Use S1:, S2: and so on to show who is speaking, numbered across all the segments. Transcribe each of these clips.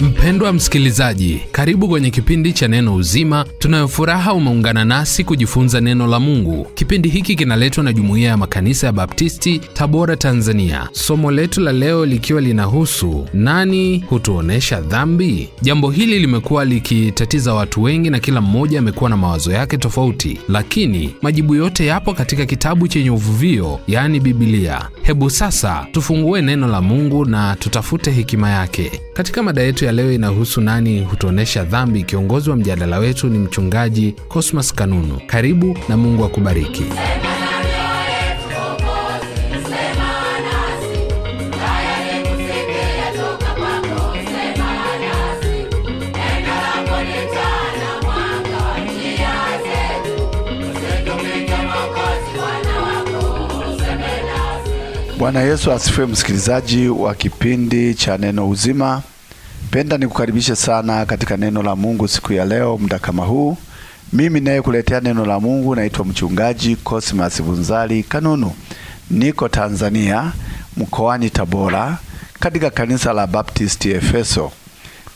S1: Mpendwa msikilizaji, karibu kwenye kipindi cha Neno Uzima. Tunayofuraha umeungana nasi kujifunza neno la Mungu. Kipindi hiki kinaletwa na Jumuiya ya Makanisa ya Baptisti, Tabora, Tanzania. Somo letu la leo likiwa linahusu nani hutuonesha dhambi. Jambo hili limekuwa likitatiza watu wengi na kila mmoja amekuwa na mawazo yake tofauti, lakini majibu yote yapo katika kitabu chenye uvuvio, yani bibilia Hebu sasa tufungue neno la Mungu na tutafute hekima yake katika mada yetu ya leo inahusu nani hutuonesha dhambi. Kiongozi wa mjadala wetu ni mchungaji Cosmas Kanunu. Karibu na Mungu akubariki.
S2: Bwana Yesu asifiwe, msikilizaji wa kipindi cha Neno Uzima. Napenda nikukaribishe sana katika neno la Mungu siku ya leo, muda kama huu. Mimi naye kuletea neno la Mungu naitwa mchungaji Cosmas Bunzali Kanunu, niko Tanzania, mkoani Tabora, katika kanisa la Baptisti Efeso,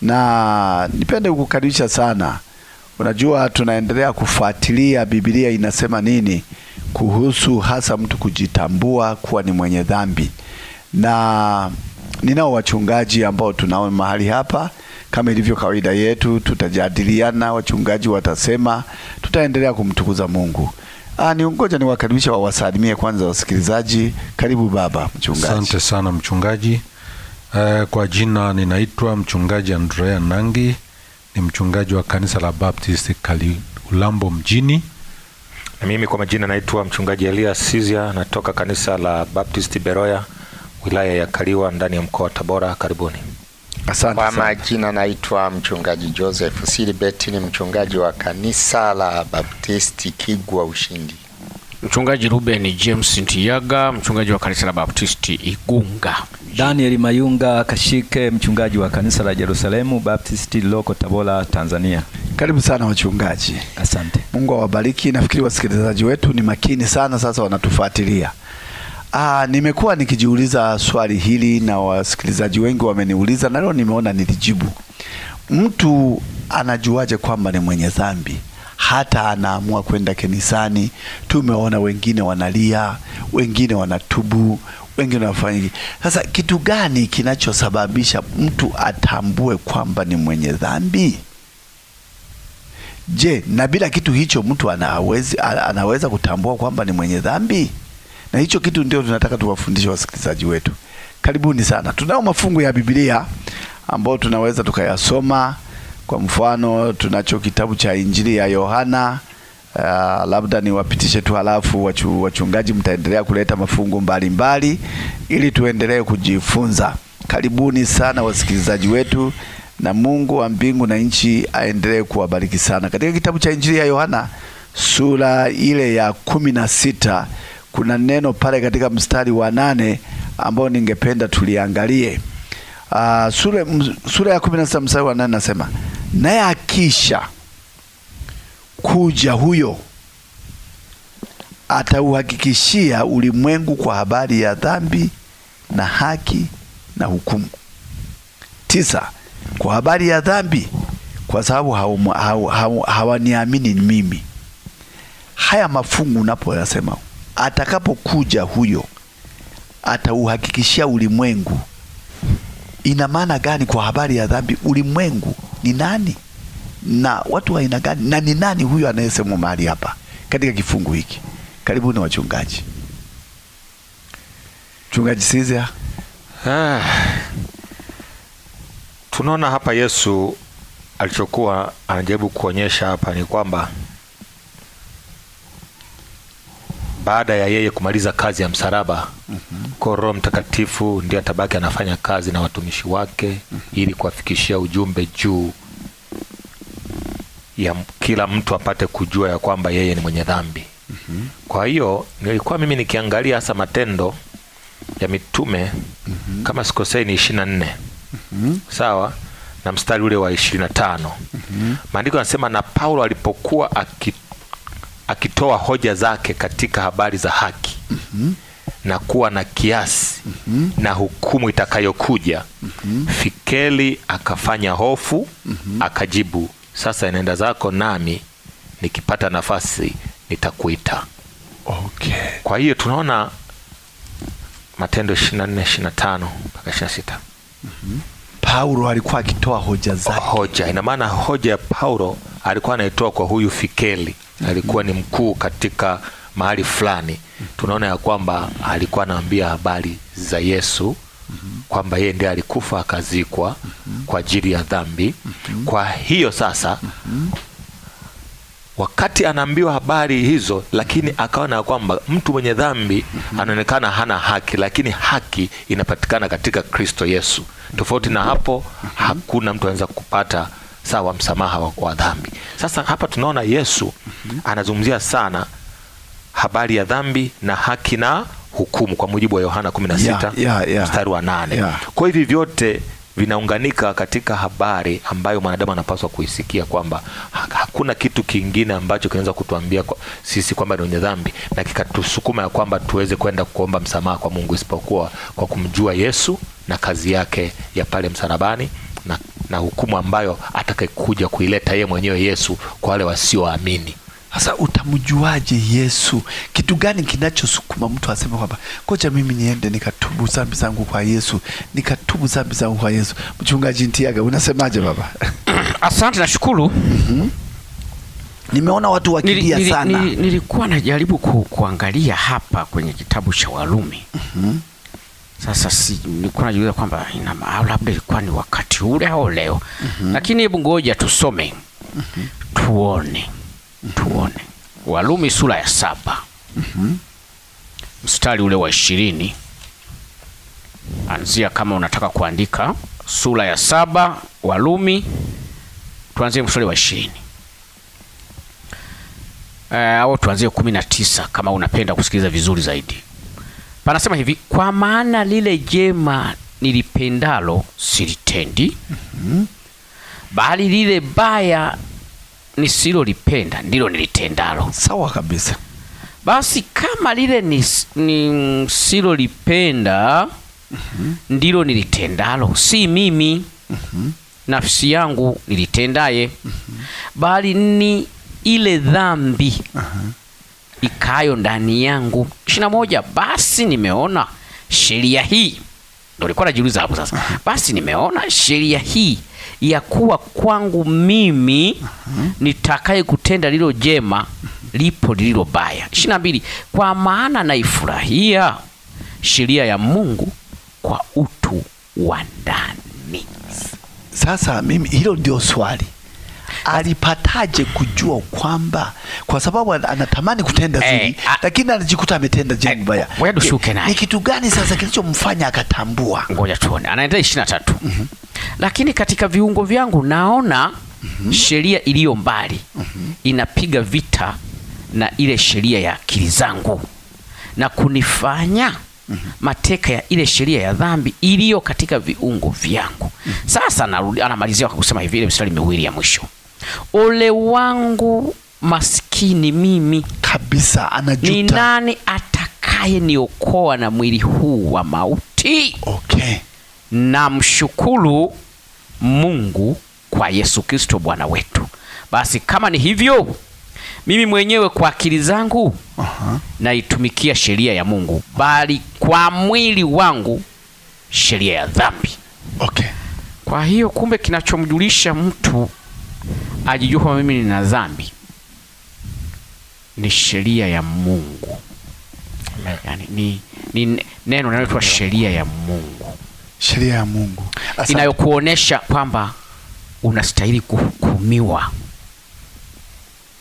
S2: na nipende kukukaribisha sana. Unajua, tunaendelea kufuatilia Biblia inasema nini kuhusu hasa mtu kujitambua kuwa ni mwenye dhambi na Ninao wachungaji ambao tunao mahali hapa, kama ilivyo kawaida yetu, tutajadiliana, wachungaji watasema, tutaendelea kumtukuza Mungu. Ah, ni ngoja niwakaribisha wawasalimie kwanza wasikilizaji. Karibu baba mchungaji. Asante sana mchungaji.
S3: Uh, kwa jina ninaitwa mchungaji Andrea Nangi, ni mchungaji wa kanisa la Baptist Kaliulambo mjini. Na mimi kwa majina naitwa mchungaji Elias Sizia, natoka kanisa la Baptist Beroya wilaya ya Kaliwa ndani ya mkoa wa Tabora. Karibuni. Asante kwa majina, naitwa mchungaji Joseph Silibet, ni mchungaji wa kanisa la Baptisti Kigwa Ushindi.
S4: Mchungaji Ruben James Ntiyaga, mchungaji wa kanisa la Baptisti
S5: Igunga. Daniel Mayunga Kashike, mchungaji wa kanisa la Yerusalemu Baptisti loko Tabora, Tanzania.
S2: Karibu sana wachungaji. Asante. Mungu awabariki. Nafikiri wasikilizaji wetu ni makini sana, sasa wanatufuatilia Ah, nimekuwa nikijiuliza swali hili na wasikilizaji wengi wameniuliza na leo nimeona nilijibu. Mtu anajuaje kwamba ni mwenye dhambi? Hata anaamua kwenda kanisani. Tumeona wengine wanalia, wengine wanatubu, wengine wanafanya. Sasa kitu gani kinachosababisha mtu atambue kwamba ni mwenye dhambi? Je, na bila kitu hicho mtu anawezi, anaweza kutambua kwamba ni mwenye dhambi? na hicho kitu ndio tunataka tuwafundishe wasikilizaji wetu. Karibuni sana. Tunao mafungu ya Biblia ambayo tunaweza tukayasoma. Kwa mfano, tunacho kitabu cha Injili ya Yohana. Uh, labda niwapitishe tu halafu wachu, wachungaji mtaendelea kuleta mafungu mbalimbali ili tuendelee kujifunza. Karibuni sana wasikilizaji wetu na Mungu wa mbingu na nchi aendelee kuwabariki sana. Katika kitabu cha Injili ya Yohana sura ile ya kumi na sita kuna neno pale katika mstari wa nane ambao ningependa tuliangalie. Uh, sura, sura ya kumi na sita mstari wa nane nasema, naye akisha kuja huyo atauhakikishia ulimwengu kwa habari ya dhambi na haki na hukumu. Tisa, kwa habari ya dhambi, kwa sababu hawaniamini haw, haw, haw, mimi. Haya mafungu unapoyasema atakapokuja huyo atauhakikishia ulimwengu. Ina maana gani kwa habari ya dhambi? Ulimwengu ni nani na watu wa aina gani, na ni nani huyo anayesemwa mahali hapa katika kifungu hiki?
S3: Karibuni wachungaji. chungaji Sizia. Ah, tunaona hapa Yesu alichokuwa anajaribu kuonyesha hapa ni kwamba baada ya yeye kumaliza kazi ya msalaba mm -hmm. Kwa Roho Mtakatifu ndiye atabaki anafanya kazi na watumishi wake mm -hmm. ili kuwafikishia ujumbe juu ya kila mtu apate kujua ya kwamba yeye ni mwenye dhambi mm -hmm. Kwa hiyo nilikuwa mimi nikiangalia hasa matendo ya mitume mm -hmm. kama sikosei ni ishirini na nne mm -hmm. sawa na mstari ule wa ishirini na tano mhm. maandiko mm -hmm. yanasema na Paulo alipokuwa akit akitoa hoja zake katika habari za haki mm -hmm. na kuwa na kiasi mm -hmm. na hukumu itakayokuja mm -hmm. Fikeli akafanya hofu mm -hmm. akajibu, sasa inaenda zako, nami nikipata nafasi nitakuita. Okay. Kwa hiyo tunaona Matendo 24, 25 mpaka 26. Mm -hmm. Paulo alikuwa akitoa hoja zake. Hoja ina maana hoja ya Paulo alikuwa anaitoa kwa huyu Fikeli alikuwa ni mkuu katika mahali fulani, tunaona ya kwamba alikuwa anaambia habari za Yesu kwamba yeye ndiye alikufa akazikwa kwa ajili ya dhambi. Kwa hiyo sasa, wakati anaambiwa habari hizo, lakini akaona ya kwamba mtu mwenye dhambi anaonekana hana haki, lakini haki inapatikana katika Kristo Yesu. Tofauti na hapo, hakuna mtu anaweza kupata sawa msamaha wa dhambi. Sasa hapa tunaona Yesu anazungumzia sana habari ya dhambi na haki na hukumu kwa mujibu wa Yohana 16 yeah, yeah, yeah. mstari wa nane yeah. Kwa hivi vyote vinaunganika katika habari ambayo mwanadamu anapaswa kuisikia kwamba hakuna kitu kingine ambacho kinaweza kutuambia kwa, sisi kwamba ni wenye dhambi na kikatusukuma ya kwamba tuweze kwenda kuomba msamaha kwa Mungu isipokuwa kwa kumjua Yesu na kazi yake ya pale msalabani na na hukumu ambayo atakayekuja kuileta yeye mwenyewe Yesu kwa wale wasioamini. Sasa
S2: utamjuaje Yesu? Kitu gani kinachosukuma mtu aseme kwamba kocha, mimi niende nikatubu zambi zangu kwa Yesu, nikatubu zambi zangu kwa Yesu? Mchungaji Ntiaga, unasemaje baba?
S4: Asante, nashukuru.
S2: mm -hmm. Nimeona watu wakilia nili, sana. Nilikuwa nili najaribu ku,
S4: kuangalia hapa kwenye kitabu cha Warumi. mm -hmm. Sasa si nilikuwa najiuliza kwamba ina maana labda ilikuwa ni wakati ule au leo. mm -hmm. Lakini hebu ngoja tusome. mm -hmm. Tuone, mhm. tuone walumi sura ya saba mm -hmm. mstari ule wa ishirini anzia kama unataka kuandika sura ya saba walumi tuanzie mstari wa ishirini eh, au tuanzie kumi na tisa kama unapenda kusikiliza vizuri zaidi panasema hivi, kwa maana lile jema nilipendalo silitendi, mm -hmm. bali lile baya nisilolipenda ndilo nilitendalo. Sawa kabisa. Basi kama lile nisilolipenda ni, mm -hmm. ndilo nilitendalo, si mimi mm -hmm. nafsi yangu nilitendaye, mm -hmm. bali ni ile dhambi uh -huh ikayo ndani yangu. ishirini na moja. Basi nimeona sheria hii, ndio alikuwa hapo sasa. Basi nimeona sheria hii ya kuwa kwangu mimi nitakaye kutenda lilo jema lipo lilo baya. ishirini na mbili. Kwa maana naifurahia sheria ya Mungu kwa utu
S2: wa ndani. Sasa mimi hilo ndio swali Ah. alipataje kujua kwamba kwa sababu anatamani kutenda eh, ah. zuri eh, lakini anajikuta ametenda jambo baya. Ngoja tushuke naye. Ni kitu gani sasa kilichomfanya akatambua? Ngoja
S4: tuone. Anaendelea 23. Mm -hmm. Lakini katika viungo vyangu naona mm -hmm. sheria iliyo mbali mm -hmm. inapiga vita na ile sheria ya akili zangu na kunifanya Mm -hmm. mateka ya ile sheria ya dhambi iliyo katika viungo vyangu. Mm -hmm. Sasa narudi, anamalizia kwa kusema hivi ile mstari miwili ya mwisho ole wangu maskini mimi kabisa, anajuta. Ni nani atakaye niokoa na mwili huu wa mauti? Okay. Namshukuru Mungu kwa Yesu Kristo Bwana wetu. Basi kama ni hivyo, mimi mwenyewe kwa akili zangu uh -huh. naitumikia sheria ya Mungu, bali kwa mwili wangu sheria ya dhambi. Okay. Kwa hiyo kumbe kinachomjulisha mtu ajijue kwamba mimi nina dhambi ni sheria ya Mungu. Yani, ni, ni neno linaloitwa sheria ya Mungu, sheria ya Mungu inayokuonesha kwamba unastahili kuhukumiwa.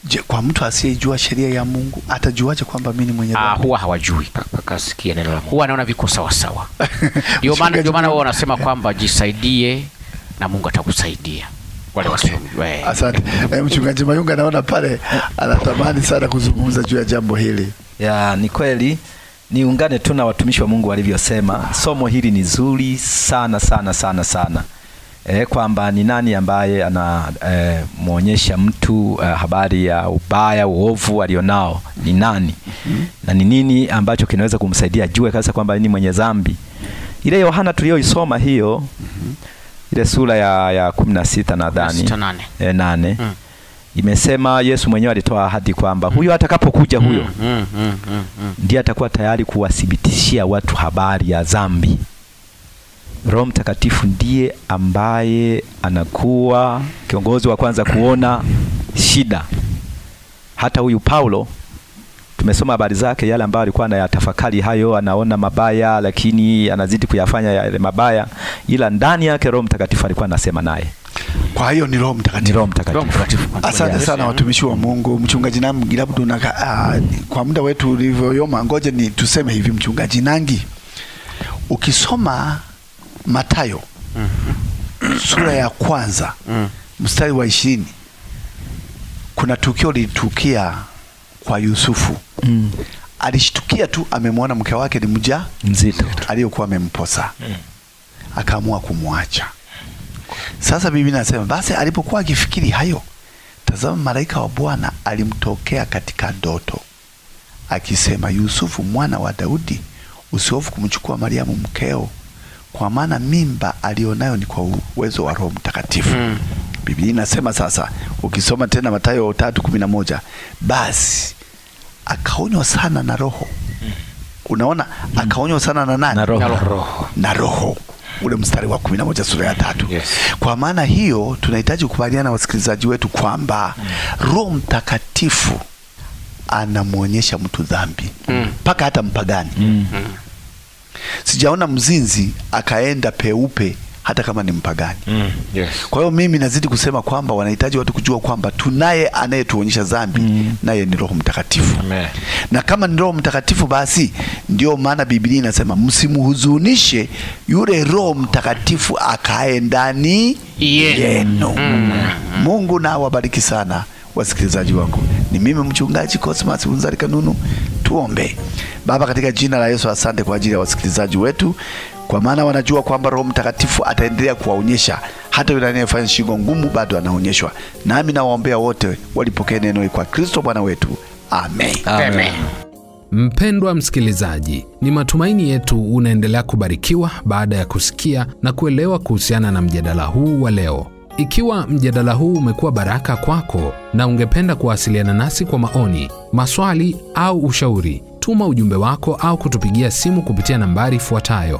S2: Je, kwa mtu asiyejua sheria ya Mungu atajuaje kwamba mimi ni mwenye ah, dhambi? Ah,
S4: huwa hawajui mpaka asikie neno la Mungu, huwa anaona viko sawa sawa.
S2: Ndio maana ndio maana
S4: wao wanasema kwamba jisaidie na Mungu atakusaidia wale wasomi.
S2: Asante.
S5: E, Mchungaji Mayunga naona pale anatamani sana kuzungumza juu ya jambo hili. Ya, ni kweli niungane tu na watumishi wa Mungu walivyosema. Somo hili ni zuri sana sana sana sana. E, kwamba ni nani ambaye anamwonyesha eh, e, mtu e, habari ya ubaya uovu alionao ni nani? mm -hmm. Na ni nini ambacho kinaweza kumsaidia jue kabisa kwamba ni mwenye dhambi. Ile Yohana tuliyoisoma hiyo mm -hmm ile sura ya, ya kumi na sita nadhani nane, e, nane. Mm. Imesema Yesu mwenyewe alitoa ahadi kwamba mm. huyo atakapokuja mm, huyo mm, mm, mm, mm, mm. ndiye atakuwa tayari kuwathibitishia watu habari ya dhambi. Roho Mtakatifu ndiye ambaye anakuwa kiongozi wa kwanza kuona shida. Hata huyu Paulo tumesoma habari zake, yale ambayo alikuwa anayatafakari hayo, anaona mabaya, lakini anazidi kuyafanya yale mabaya, ila ndani yake Roho Mtakatifu alikuwa anasema naye. Kwa hiyo ni Roho Mtakatifu. Roho Mtakatifu. Asante yes. sana
S2: watumishi wa Mungu. Mchungaji Nangi, labda na uh, ah, kwa muda wetu ulivyoyoma, ngoje ni tuseme hivi, Mchungaji Nangi, ukisoma Mathayo mm -hmm. sura ya kwanza mm -hmm. mstari wa ishirini kuna tukio lilitukia kwa Yusufu mm. Alishtukia tu amemwona mke wake ni mja mzito aliyokuwa amemposa mm akaamua kumwacha. Sasa Biblia inasema basi, alipokuwa akifikiri hayo, tazama, malaika wa Bwana alimtokea katika ndoto akisema, Yusufu mwana wa Daudi, usihofu kumchukua Mariamu mkeo, kwa maana mimba alionayo ni kwa uwezo wa Roho Mtakatifu. mm. Biblia inasema sasa, ukisoma tena Mathayo tatu kumi na moja basi akaonywa sana na Roho. mm. Unaona, hmm. akaonywa sana na nani? Na Roho, na Roho. Na roho ule mstari wa kumi na moja sura ya tatu. Yes. Kwa maana hiyo tunahitaji kukubaliana na wasikilizaji wetu kwamba mm. Roho Mtakatifu anamwonyesha mtu dhambi mm. mpaka mm. hata mpagani mm. mm. Sijaona mzinzi akaenda peupe hata kama ni mpagani
S3: mm, yes.
S2: Kwa hiyo mimi nazidi kusema kwamba wanahitaji watu kujua kwamba tunaye anayetuonyesha dhambi mm. naye ni Roho Mtakatifu Amen. Na kama ni Roho Mtakatifu basi ndio maana Biblia inasema msimuhuzunishe yule Roho Mtakatifu akae ndani yeah. yenu mm. mm. Mungu na awabariki sana wasikilizaji wangu. Ni mimi mchungaji Cosmas Bunzari Kanunu. Tuombe. Baba, katika jina la Yesu, asante kwa ajili ya wasikilizaji wetu kwa maana wanajua kwamba Roho Mtakatifu ataendelea kuwaonyesha hata yule anayefanya shingo ngumu bado anaonyeshwa. Nami nawaombea wote walipokee neno kwa Kristo Bwana wetu. Amen. Amen. Amen.
S1: Mpendwa msikilizaji, ni matumaini yetu unaendelea kubarikiwa baada ya kusikia na kuelewa kuhusiana na mjadala huu wa leo. Ikiwa mjadala huu umekuwa baraka kwako na ungependa kuwasiliana nasi kwa maoni, maswali au ushauri, tuma ujumbe wako au kutupigia simu kupitia nambari ifuatayo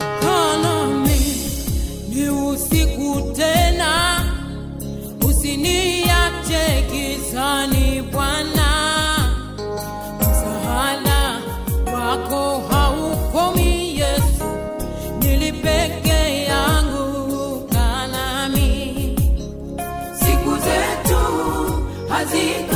S4: Vazi.